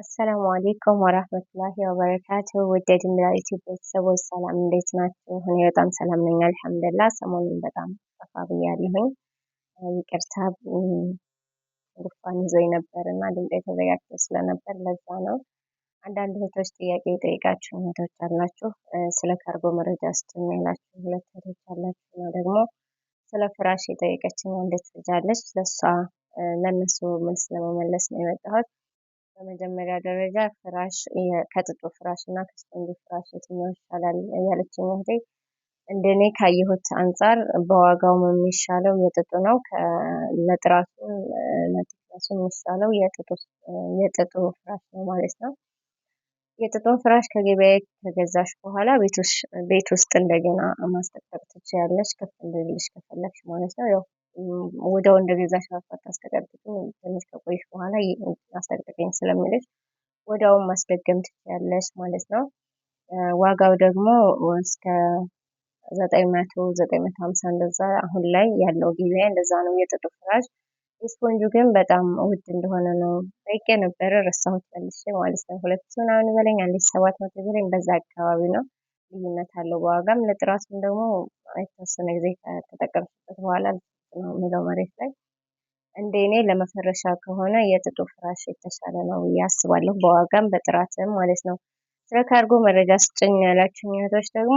አሰላሙ አሌይኩም ወራህመቱላሂ ወበረካቱ። ውድ የድምራ ዩቲዩብ ቤተሰቦች ሰላም እንዴት ናችሁ? እኔ በጣም ሰላም ነኝ አልሐምዱላ። ሰሞኑን በጣም ጠፋ ብያለሁኝ፣ ይቅርታ ጉንፋን ይዞኝ ነበር እና ድምፅ የተዘጋጅቶ ስለነበር ለዛ ነው። አንዳንድ እህቶች ጥያቄ የጠየቃችሁ እህቶች አላችሁ፣ ስለ ካርጎ መረጃ ስጡኝ ያላችሁ ሁለት እህቶች አላችሁ እና ደግሞ ስለ ፍራሽ የጠየቀችኝ አንዲት ልጅ አለች። ለእሷ ለእነሱ መልስ ለመመለስ ነው የመጣሁት። በመጀመሪያ ደረጃ ፍራሽ ከጥጡ ፍራሽ እና ከስፖንጅ ፍራሽ የትኛው ይሻላል ያለችኝ እህቴ እንደኔ ካየሁት አንጻር በዋጋውም የሚሻለው የጥጡ ነው። ለጥራቱም ለቲክነሱ የሚሻለው የጥጡ ፍራሽ ነው ማለት ነው። የጥጡን ፍራሽ ከገበያ ከገዛሽ በኋላ ቤት ውስጥ እንደገና ማስጠጠቅ ትችያለሽ፣ ከፍ እንዲልልሽ ከፈለግሽ ማለት ነው ያው ወዲያው እንደገዛሽ አባት አስጠቀጥቅኝ ትንሽ ከቆይሽ በኋላ አስጠቅጥቅኝ ስለሚልሽ ወዲያውን ማስደገም ትችያለሽ ማለት ነው። ዋጋው ደግሞ እስከ ዘጠኝ መቶ ዘጠኝ መቶ ሀምሳ እንደዛ አሁን ላይ ያለው ጊዜ እንደዛ ነው። የጥጡ ፍራሽ የስፖንጁ ግን በጣም ውድ እንደሆነ ነው ጠይቄ ነበረ፣ ረሳሁት መልሼ ማለት ነው። ሁለት ሺህ ምናምን በለኝ አንድ ሰባት መቶ ይበለኝ በዛ አካባቢ ነው ልዩነት አለው በዋጋም ለጥራቱም ደግሞ የተወሰነ ጊዜ ከተጠቀምበት በኋላ ነው የምለው መሬት ላይ። እንደ እኔ ለመፈረሻ ከሆነ የጥጡ ፍራሽ የተሻለ ነው ብዬ አስባለሁ፣ በዋጋም በጥራትም ማለት ነው። ስለ ካርጎ መረጃ ስጭኝ ያላችሁ እህቶች ደግሞ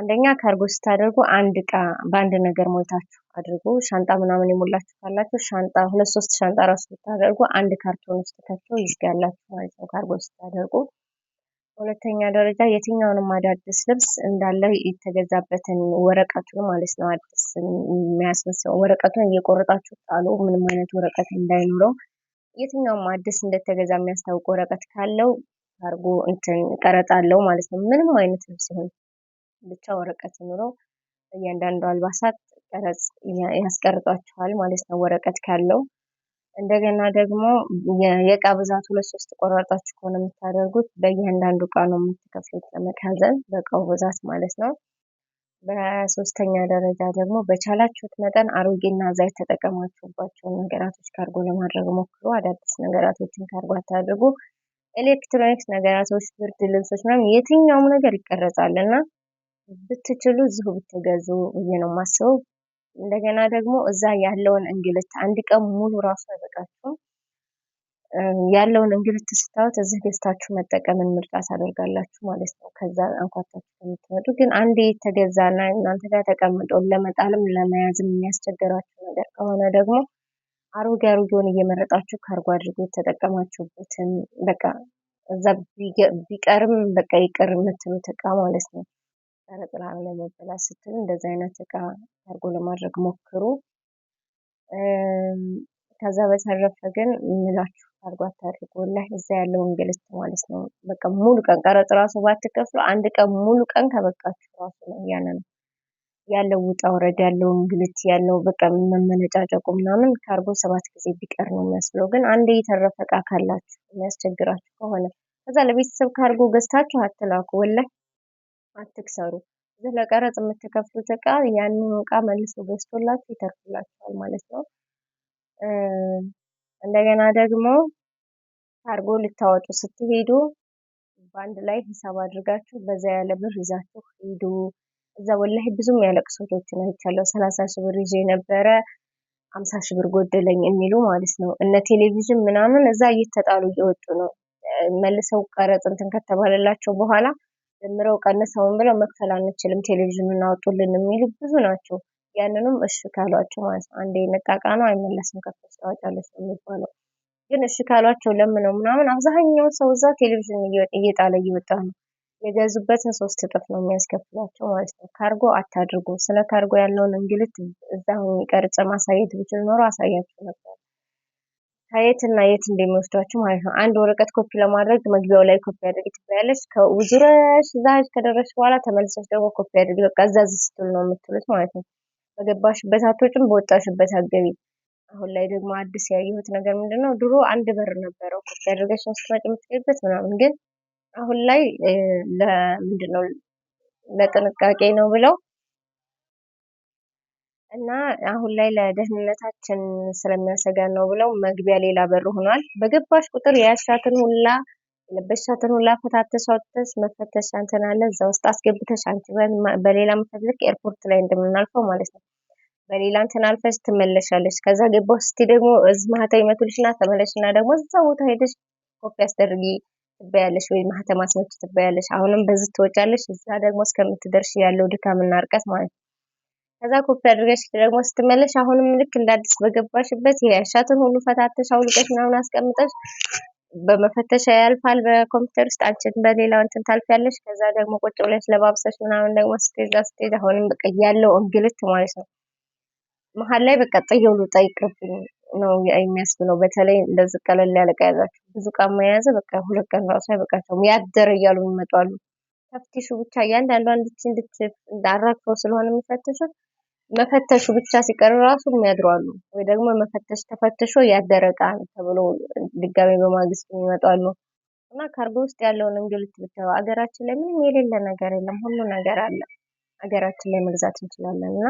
አንደኛ ካርጎ ስታደርጉ አንድ እቃ በአንድ ነገር ሞልታችሁ አድርጉ። ሻንጣ ምናምን የሞላችሁ ካላችሁ ሻንጣ ሁለት ሶስት ሻንጣ ራሱ ብታደርጉ አንድ ካርቶን ውስጥ ከቶ ይዝጋላችሁ ማለት ነው ካርጎ ስታደርጉ። ሁለተኛ ደረጃ የትኛውንም አዳዲስ ልብስ እንዳለ የተገዛበትን ወረቀቱን ማለት ነው አዲስ የሚያስመስለው ወረቀቱን እየቆረጣችሁ ጣሉ። ምንም አይነት ወረቀት እንዳይኖረው የትኛውም አዲስ እንደተገዛ የሚያስታውቅ ወረቀት ካለው አርጎ እንትን ቀረጥ አለው ማለት ነው። ምንም አይነት ልብስ ይሁን ብቻ ወረቀት ኑሮ እያንዳንዱ አልባሳት ቀረጽ ያስቀርጧቸዋል ማለት ነው ወረቀት ካለው። እንደገና ደግሞ የእቃ ብዛት ሁለት ሶስት ቆራርጣችሁ ከሆነ የምታደርጉት በእያንዳንዱ እቃ ነው የምትከፍሉት ለመጋዘን በእቃው ብዛት ማለት ነው። በሶስተኛ ደረጃ ደግሞ በቻላችሁት መጠን አሮጌና እዛ የተጠቀማችሁባቸውን ነገራቶች ካርጎ ለማድረግ ሞክሩ። አዳዲስ ነገራቶችን ካርጎ አታድርጉ። ኤሌክትሮኒክስ ነገራቶች፣ ብርድ ልብሶች ምናምን የትኛውም ነገር ይቀረጻል እና ብትችሉ እዚሁ ብትገዙ ብዬ ነው የማስበው። እንደገና ደግሞ እዛ ያለውን እንግልት አንድ ቀን ሙሉ ራሱ አይበቃችሁም። ያለውን እንግልት ስታዩት እዚህ ገዝታችሁ መጠቀምን ምርጫ ታደርጋላችሁ ማለት ነው። ከዛ አንኳታችሁ ከምትመጡ ግን አንዴ የተገዛና እናንተ ጋር ተቀምጠው ለመጣልም ለመያዝም የሚያስቸገራችሁ ነገር ከሆነ ደግሞ አሮጌ አሮጌውን እየመረጣችሁ ካርጎ አድርጎ የተጠቀማችሁበትን በቃ እዛ ቢቀርም በቃ ይቅር የምትሉት እቃ ማለት ነው። ብርሃን ለመበላት ስትሉ እንደዚህ አይነት እቃ አድርጎ ለማድረግ ሞክሩ። ከዛ በተረፈ ግን ምላችሁ አድርጎ አታድርጉ። ወላሂ እዛ ያለው እንግልት ማለት ነው። በቃ ሙሉ ቀን ቀረጥ ራሱ ባትከፍሉ አንድ ቀን ሙሉ ቀን ከበቃችሁ ራሱ ነው እያለ ነው ያለው ውጣ ውረድ ያለው እንግልት ያለው በቃ መመነጫጨቁ ምናምን ካርጎ ሰባት ጊዜ ቢቀር ነው የሚያስብለው። ግን አንድ የተረፈ እቃ ካላችሁ የሚያስቸግራችሁ ከሆነ ከዛ ለቤተሰብ ካርጎ ገዝታችሁ አትላኩ። ወላ አትክሰሩ። ስለዚህ ለቀረጥ የምትከፍሉት እቃ ያንን እቃ መልሶ ገዝቶላችሁ ይተርፍላችኋል ማለት ነው። እንደገና ደግሞ ካርጎ ልታወጡ ስትሄዱ በአንድ ላይ ሂሳብ አድርጋችሁ በዛ ያለ ብር ይዛችሁ ሂዱ። እዛ ወላሂ ብዙም ያለቅሱ ነው ይቻለው ሰላሳ ሺህ ብር ይዞ የነበረ አምሳ ሺህ ብር ጎደለኝ የሚሉ ማለት ነው። እነ ቴሌቪዥን ምናምን እዛ እየተጣሉ እየወጡ ነው። መልሰው ቀረጥ እንትን ከተባለላቸው በኋላ ጨምረው ቀንሰውን ብለው መክፈል አንችልም ቴሌቪዥን እናወጡልን የሚሉ ብዙ ናቸው። ያንንም እሺ ካሏቸው ማለት ነው አንዴ የነቃቃ ነው አይመለስም ከፍተሽ ታወጫለሽ የሚባለው። ግን እሺ ካሏቸው ለምነው ምናምን አብዛኛው ሰው እዛ ቴሌቪዥን እየጣለ እየወጣ ነው። የገዙበትን ሶስት እጥፍ ነው የሚያስከፍሏቸው ማለት ነው። ካርጎ አታድርጉ። ስለ ካርጎ ያለውን እንግልት እዛ ሆኜ ማሳየት ብችል ኖሮ አሳያችሁ ነበር። ከየት እና የት እንደሚወስዷችሁ ማለት ነው። አንድ ወረቀት ኮፒ ለማድረግ መግቢያው ላይ ኮፒ አድርጊ ትባያለች። ከውዙረሽ እዛ ከደረሽ በኋላ ተመልሰሽ ደግሞ ኮፒ አድርጊ። በቃ እዛ ስትል ነው የምትሉት ማለት ነው። በገባሽበት አትወጭም፣ በወጣሽበት አገቢ። አሁን ላይ ደግሞ አዲስ ያየሁት ነገር ምንድን ነው፣ ድሮ አንድ በር ነበረው ኮፒ አድርገሽ ስትመጪ የምትገቢበት ምናምን። ግን አሁን ላይ ለምንድን ነው ለጥንቃቄ ነው ብለው እና አሁን ላይ ለደህንነታችን ስለሚያሰጋን ነው ብለው መግቢያ ሌላ በር ሆኗል። በገባሽ ቁጥር የያሻትን ሁላ የለበሻትን ሁላ ፈታተሽ አውጥተሽ መፈተሽ እንትን አለ እዛ ውስጥ አስገብተሽ አንቺ በሌላ መፈትልክ ኤርፖርት ላይ እንደምናልፈው ማለት ነው። በሌላ እንትን አልፈሽ ትመለሻለሽ። ከዛ ገባ ስቲ ደግሞ እዚህ ማህተም ይመቱልሽና ተመለሽና ደግሞ እዛ ቦታ ሄደሽ ኮፒ አስደርጊ ትበያለሽ ወይ ማህተም አስመች ትበያለሽ። አሁንም በዚህ ትወጫለሽ። እዛ ደግሞ እስከምትደርሽ ያለው ድካምና ርቀት ማለት ነው። ከዛ ኮፒ አድርገሽ ደግሞ ስትመለሽ አሁንም ልክ እንደ አዲስ በገባሽበት ያሻትን ሁሉ ፈታተሽ አውልቀሽ ምናምን አስቀምጠሽ በመፈተሻ ያልፋል በኮምፒውተር ውስጥ አንቺን በሌላው እንትን ታልፊያለሽ። ከዛ ደግሞ ቁጭ ብለሽ ለባብሰሽ ምናምን ደግሞ ስትሄዛ ስትሄድ አሁንም በቃ ያለው እንግልት ማለት ነው። መሀል ላይ በቃ ጥየው ልውጣ ይቅርብኝ ነው የሚያስብለው። በተለይ እንደዚህ ቀለል ያለ ዕቃ ያዛችሁ ብዙ ዕቃ መያዘ በቃ ሁለት ቀን ራሱ አይበቃቸውም። ያደረ እያሉ ይመጣሉ። ተፍቲሹ ብቻ እያንዳንዷ እንድች እንድች አራግፈው ስለሆነ የሚፈትሹት መፈተሹ ብቻ ሲቀር ራሱ የሚያድሩ አሉ። ወይ ደግሞ መፈተሽ ተፈትሾ ያደረቃ ተብሎ ድጋሜ በማግስት የሚመጡ አሉ እና ካርጎ ውስጥ ያለውን እንግልት ብታዩ አገራችን ላይ ምንም የሌለ ነገር የለም። ሁሉ ነገር አለ አገራችን ላይ መግዛት እንችላለን እና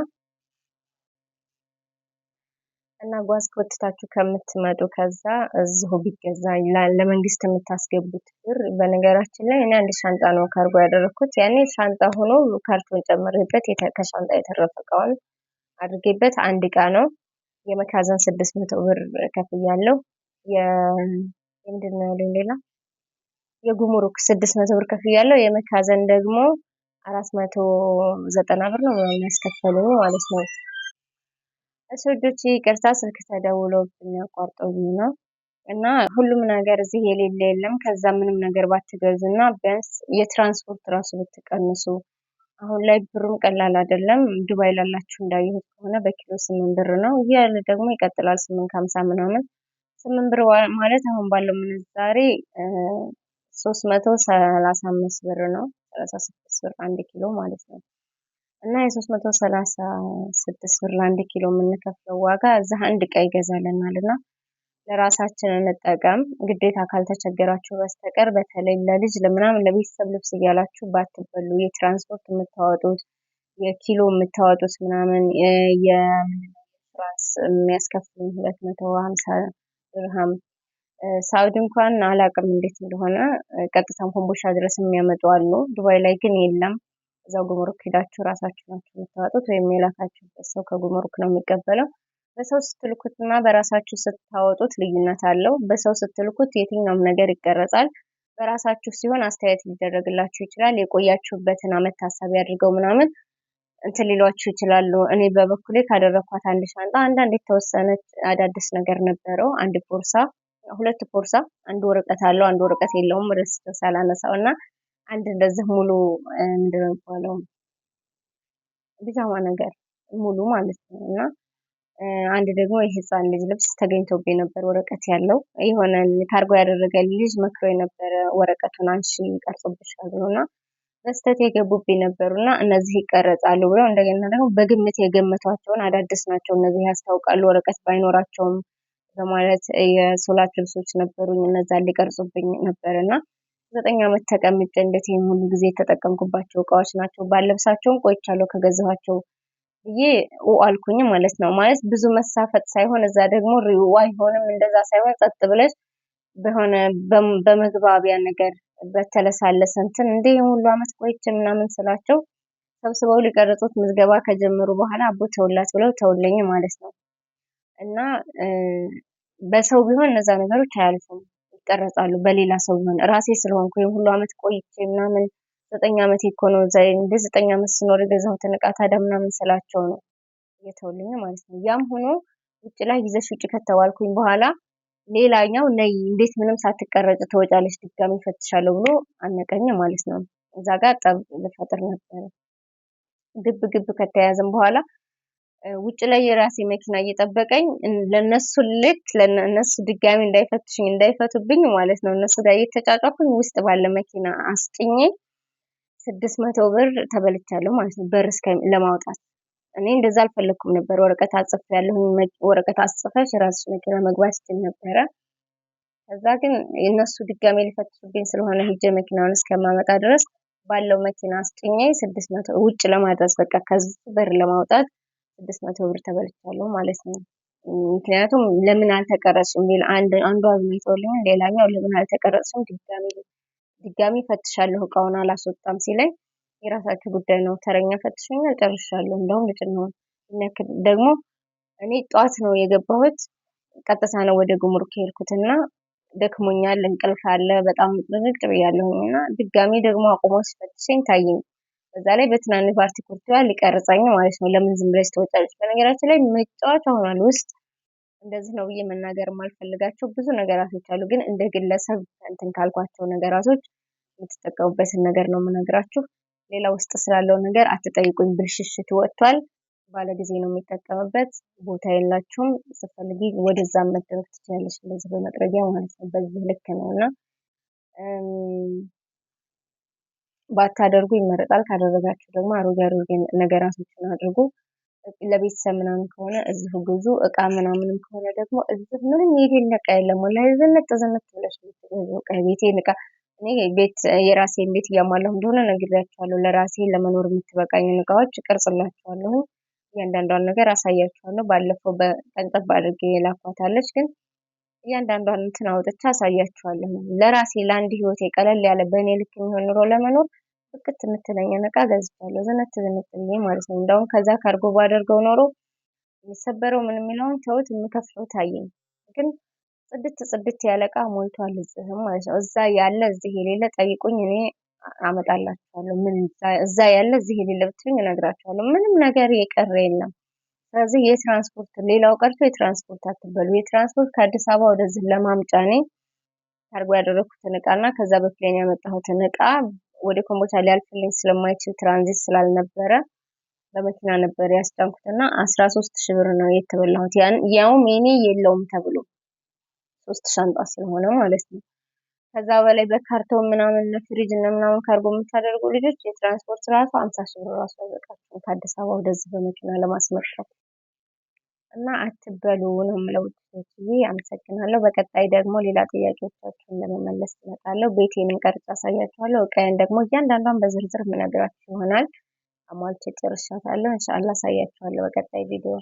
እና ጓዝ ከወጥታችሁ ከምትመጡ ከዛ እዚሁ ቢገዛ ለመንግስት የምታስገቡት ብር በነገራችን ላይ እኔ አንድ ሻንጣ ነው ካርጎ ያደረግኩት። ያኔ ሻንጣ ሆኖ ካርቶን ጨምሬበት ከሻንጣ የተረፈ እቃውን አድርጌበት አንድ እቃ ነው የመካዘን ስድስት መቶ ብር ከፍያለሁ። የምንድን ነው ሌላ የጉሙሩክ ስድስት መቶ ብር ከፍያለሁ። የመካዘን ደግሞ አራት መቶ ዘጠና ብር ነው የሚያስከፈሉኝ ማለት ነው። እሱ ልጆች ይቅርታ ስልክ ተደውሎ የሚያቋርጠው ነው እና ሁሉም ነገር እዚህ የሌለ የለም። ከዛ ምንም ነገር ባትገዙ እና ቢያንስ የትራንስፖርት ራሱ ብትቀንሱ አሁን ላይ ብሩም ቀላል አይደለም። ዱባይ ላላችሁ እንዳየሁት ከሆነ በኪሎ ስምንት ብር ነው። ይህ ያለ ደግሞ ይቀጥላል ስምንት ከሀምሳ ምናምን ስምንት ብር ማለት አሁን ባለው ምንዛሬ ሶስት መቶ ሰላሳ አምስት ብር ነው። ሰላሳ ስድስት ብር አንድ ኪሎ ማለት ነው። እና የሶስት መቶ ሰላሳ ስድስት ብር ለአንድ ኪሎ የምንከፍለው ዋጋ እዛ አንድ እቃ ይገዛልናል እና ለራሳችን እንጠቀም ግዴታ ካልተቸገራችሁ በስተቀር በተለይ ለልጅ ለምናምን ለቤተሰብ ልብስ እያላችሁ ባትበሉ የትራንስፖርት የምታወጡት የኪሎ የምታወጡት ምናምን የፍራንስ የሚያስከፍሉን ሁለት መቶ ሀምሳ ድርሃም ሳውዲ እንኳን አላቅም እንዴት እንደሆነ ቀጥታም ኮምቦሻ ድረስ የሚያመጡ አሉ። ዱባይ ላይ ግን የለም። እዛው ጉምሩክ ሄዳችሁ ራሳችሁ ናችሁ የምታወጡት ወይም የላካችሁበት ሰው ከጉምሩክ ነው የሚቀበለው። በሰው ስትልኩት እና በራሳችሁ ስታወጡት ልዩነት አለው። በሰው ስትልኩት የትኛውም ነገር ይቀረጻል። በራሳችሁ ሲሆን አስተያየት ሊደረግላችሁ ይችላል። የቆያችሁበትን አመት ታሳቢ አድርገው ምናምን እንትን ሊሏችሁ ይችላሉ። እኔ በበኩሌ ካደረግኳት አንድ ሻንጣ አንዳንድ የተወሰነች አዳዲስ ነገር ነበረው። አንድ ቦርሳ፣ ሁለት ቦርሳ፣ አንድ ወረቀት አለው፣ አንድ ወረቀት የለውም። ርስ ሳላነሳው እና አንድ እንደዚህ ሙሉ ምንድን ነው የሚባለው ነገር ሙሉ ማለት ነው እና አንድ ደግሞ የህፃን ልጅ ልብስ ተገኝቶብኝ ነበር ወረቀት ያለው የሆነ ታርጎ ያደረገ ልጅ መክሮ የነበረ ወረቀቱን አንሺ ቀርጾብሻል ብሎ እና በስተት የገቡብኝ ነበሩ እና እነዚህ ይቀረጻሉ ብለው እንደገና ደግሞ በግምት የገመቷቸውን አዳዲስ ናቸው እነዚህ ያስታውቃሉ ወረቀት ባይኖራቸውም በማለት የሶላት ልብሶች ነበሩኝ እነዛ ሊቀርጹብኝ ነበር እና ዘጠኝ ዓመት ተቀምጬ እንደት ይህን ሁሉ ጊዜ የተጠቀምኩባቸው እቃዎች ናቸው ባለብሳቸውም ቆይቻለሁ ከገዛኋቸው ብዬ አልኩኝ ማለት ነው። ማለት ብዙ መሳፈጥ ሳይሆን እዛ ደግሞ ሪዋ አይሆንም እንደዛ ሳይሆን ጸጥ ብለሽ በሆነ በመግባቢያ ነገር በተለሳለሰ እንትን እንዴ ሁሉ አመት ቆይቼ ምናምን ስላቸው ሰብስበው ሊቀርጹት ምዝገባ ከጀመሩ በኋላ አቦ ተውላት ብለው ተውለኝ ማለት ነው። እና በሰው ቢሆን እነዛ ነገሮች አያልፉም፣ ይቀረጻሉ። በሌላ ሰው ቢሆን ራሴ ስለሆንኩ ሁሉ አመት ቆይቼ ምናምን ዘጠኝ ዓመት እኮ ነው እዛ እንደ ዘጠኝ ዓመት ስኖር የገዛሁትን እቃ ታዲያ ምናምን ስላቸው ነው እየተውልኝ ማለት ነው። ያም ሆኖ ውጭ ላይ ይዘሽ ውጭ ከተባልኩኝ በኋላ ሌላኛው ነይ እንዴት ምንም ሳትቀረጭ ትወጫለች ድጋሚ ፈትሻለሁ ብሎ አነቀኝ ማለት ነው። እዛ ጋር ጠብ ልፈጥር ነበረ። ግብ ግብ ከተያያዝን በኋላ ውጭ ላይ የራሴ መኪና እየጠበቀኝ ለነሱ ልክ ለነሱ ድጋሚ እንዳይፈትሽኝ እንዳይፈቱብኝ ማለት ነው እነሱ ጋር እየተጫጫኩኝ ውስጥ ባለ መኪና አስጭኜ ስድስት መቶ ብር ተበልቻለሁ ማለት ነው። በር እስከ ለማውጣት እኔ እንደዛ አልፈለግኩም ነበር። ወረቀት አጽፍ ያለሁኝ ወረቀት አጽፈሽ ራስሽ መኪና መግባት ይችል ነበረ። ከዛ ግን እነሱ ድጋሜ ሊፈትሹብኝ ስለሆነ ሂጄ መኪናውን እስከማመጣ ድረስ ባለው መኪና አስጭኜ ስድስት መቶ ውጭ ለማድረስ በቃ ከዚህ በር ለማውጣት ስድስት መቶ ብር ተበልቻለሁ ማለት ነው። ምክንያቱም ለምን አልተቀረጹም ሌላ አንዱ አዝሜ ሌላኛው ለምን አልተቀረጹም ድጋሜ ድጋሚ ፈትሻለሁ እቃውን አላስወጣም ሲለኝ የራሳችሁ ጉዳይ ነው፣ ተረኛ ፈትሾኛል፣ ጨርሻለሁ፣ እንደውም ልጭነውን ነው የሚያክል ደግሞ እኔ ጠዋት ነው የገባሁት፣ ቀጥታ ነው ወደ ጉምሩክ የሄድኩትና ደክሞኛል፣ እንቅልፍ አለ፣ በጣም ርግጥ ብያለሁኝ እና ድጋሚ ደግሞ አቁሞ ሲፈትሸኝ ታየኝ። በዛ ላይ በትናንሽ ፓርቲ ፓርቲኩርቲዋ ሊቀርጸኝ ማለት ነው። ለምን ዝም ብለሽ ትወጫለሽ? በነገራችን ላይ መጫወቻ ሆኗል ውስጥ እንደዚህ ነው ብዬ መናገር የማልፈልጋቸው ብዙ ነገራቶች አሉ። ግን እንደ ግለሰብ እንትን ካልኳቸው ነገራቶች የምትጠቀሙበትን ነገር ነው የምነግራችሁ። ሌላ ውስጥ ስላለው ነገር አትጠይቁኝ። ብልሽሽት ወጥቷል። ባለ ጊዜ ነው የሚጠቀምበት። ቦታ የላችሁም። ስፈልጊ ወደዛ መደረግ ትችላለች። እንደዚህ በመጥረጊያ ማለት ነው። በዚህ ልክ ነው እና ባታደርጉ ይመረጣል። ካደረጋችሁ ደግሞ አሮጌ አሮጌ ነገራቶችን አድርጉ። ለቤተሰብ ምናምን ከሆነ እዚሁ ግዙ። እቃ ምናምንም ከሆነ ደግሞ እዚህ ምንም የሌለ እቃ የለም። ወላሂ ዝንጥ ዝንጥ ብለሽ የምትገዢው እቃ እቃ እኔ ቤት የራሴን ቤት እያሟላሁ እንደሆነ ነግሬያቸዋለሁ። ለራሴ ለመኖር የምትበቃኝን እቃዎች እቀርጽላቸዋለሁ። እያንዳንዷን ነገር አሳያቸዋለሁ። ባለፈው በጠንጠብ አድርጌ የላኳታለች ግን እያንዳንዷን እንትን አውጥቼ አሳያቸዋለሁ። ለራሴ ለአንድ ህይወቴ ቀለል ያለ በእኔ ልክ የሚሆን ኑሮ ለመኖር ፍክት የምትለኝን እቃ ገዝቻለሁ። ዝንት ዝንጥ ብዬ ማለት ነው። እንደውም ከዛ ካርጎ ባደርገው ኖሮ የሚሰበረው ምን የሚለውን ተውት፣ የምከፍለው ታየኝ። ግን ጽድት ጽድት ያለ እቃ ሞልቷል እዚህም ማለት ነው። እዛ ያለ እዚህ የሌለ ጠይቁኝ፣ እኔ አመጣላችኋለሁ። ምን እዛ ያለ እዚህ የሌለ ብትሉኝ እነግራችኋለሁ። ምንም ነገር የቀረ የለም። ስለዚህ የትራንስፖርት ሌላው ቀርቶ የትራንስፖርት አትበሉ። የትራንስፖርት ከአዲስ አበባ ወደዚህ ለማምጫ እኔ ካርጎ ያደረግኩትን እቃ እና ከዛ በፕሌን ያመጣሁትን እቃ ወደ ኮምቦቻ ሊያልፍልኝ ስለማይችል ትራንዚት ስላልነበረ በመኪና ነበር ያስጫንኩት እና አስራ ሶስት ሺ ብር ነው የተበላሁት። ያውም የኔ የለውም ተብሎ ሶስት ሻንጣ ስለሆነ ማለት ነው። ከዛ በላይ በካርቶን ምናምን እነ ፍሪጅ እና ምናምን ካርጎ የምታደርጉ ልጆች የትራንስፖርት ራሱ አምሳ ሺ ብር ራሱ አይበቃችሁም ከአዲስ አበባ ወደዚህ በመኪና ለማስመራት እና አትበሉ ነው የምለው ውዶችዬ። አመሰግናለሁ። በቀጣይ ደግሞ ሌላ ጥያቄዎቻችሁን ለመመለስ እመጣለሁ። ቤቴንም ቀርጬ አሳያችኋለሁ። ቀን ደግሞ እያንዳንዷን በዝርዝር ምነግራችሁ ይሆናል። አሟልቼ ጨርሻታለሁ። ኢንሻአላህ አሳያችኋለሁ በቀጣይ ቪዲዮ።